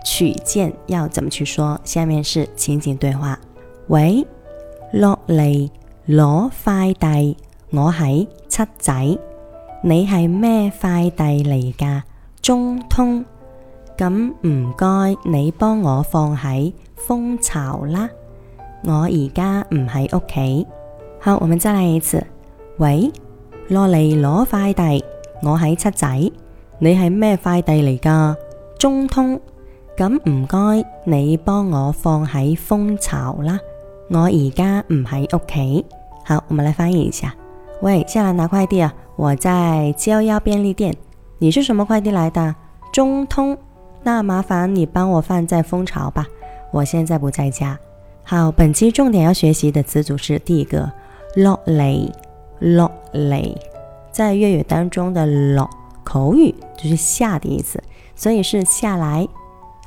.取件要怎麼去說？下面是情景對話：喂，落嚟攞快遞，我喺七仔，你係咩快遞嚟噶？中通。咁唔該，你幫我放喺豐巢啦。我而家唔喺屋企。好，我們再來一次。喂，落嚟攞快遞，我喺七仔，你係咩快遞嚟噶？中通。咁唔該，你幫我放喺豐巢啦。我而家唔喺屋企。好，我哋嚟翻譯一下。喂，下來拿快遞啊！我在711便利店。你是什麼快遞來的？中通。那麻煩你幫我放在豐巢吧。我現在不在家。好，本期重點要學習的詞組是第一個落嚟，落嚟。在粵語當中的落口語就是下的意思，所以是下來。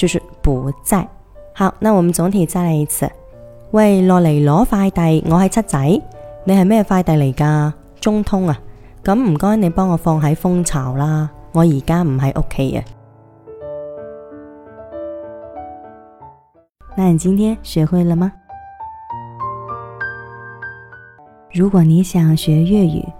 就是不在。好，那我們總體再來一次。喂，落嚟攞快遞，我喺七仔，你係咩快遞嚟噶？中通啊，咁唔該你幫我放喺豐巢啦，我而家唔喺屋企啊。那你今天學會了嗎？如果你想學粵語。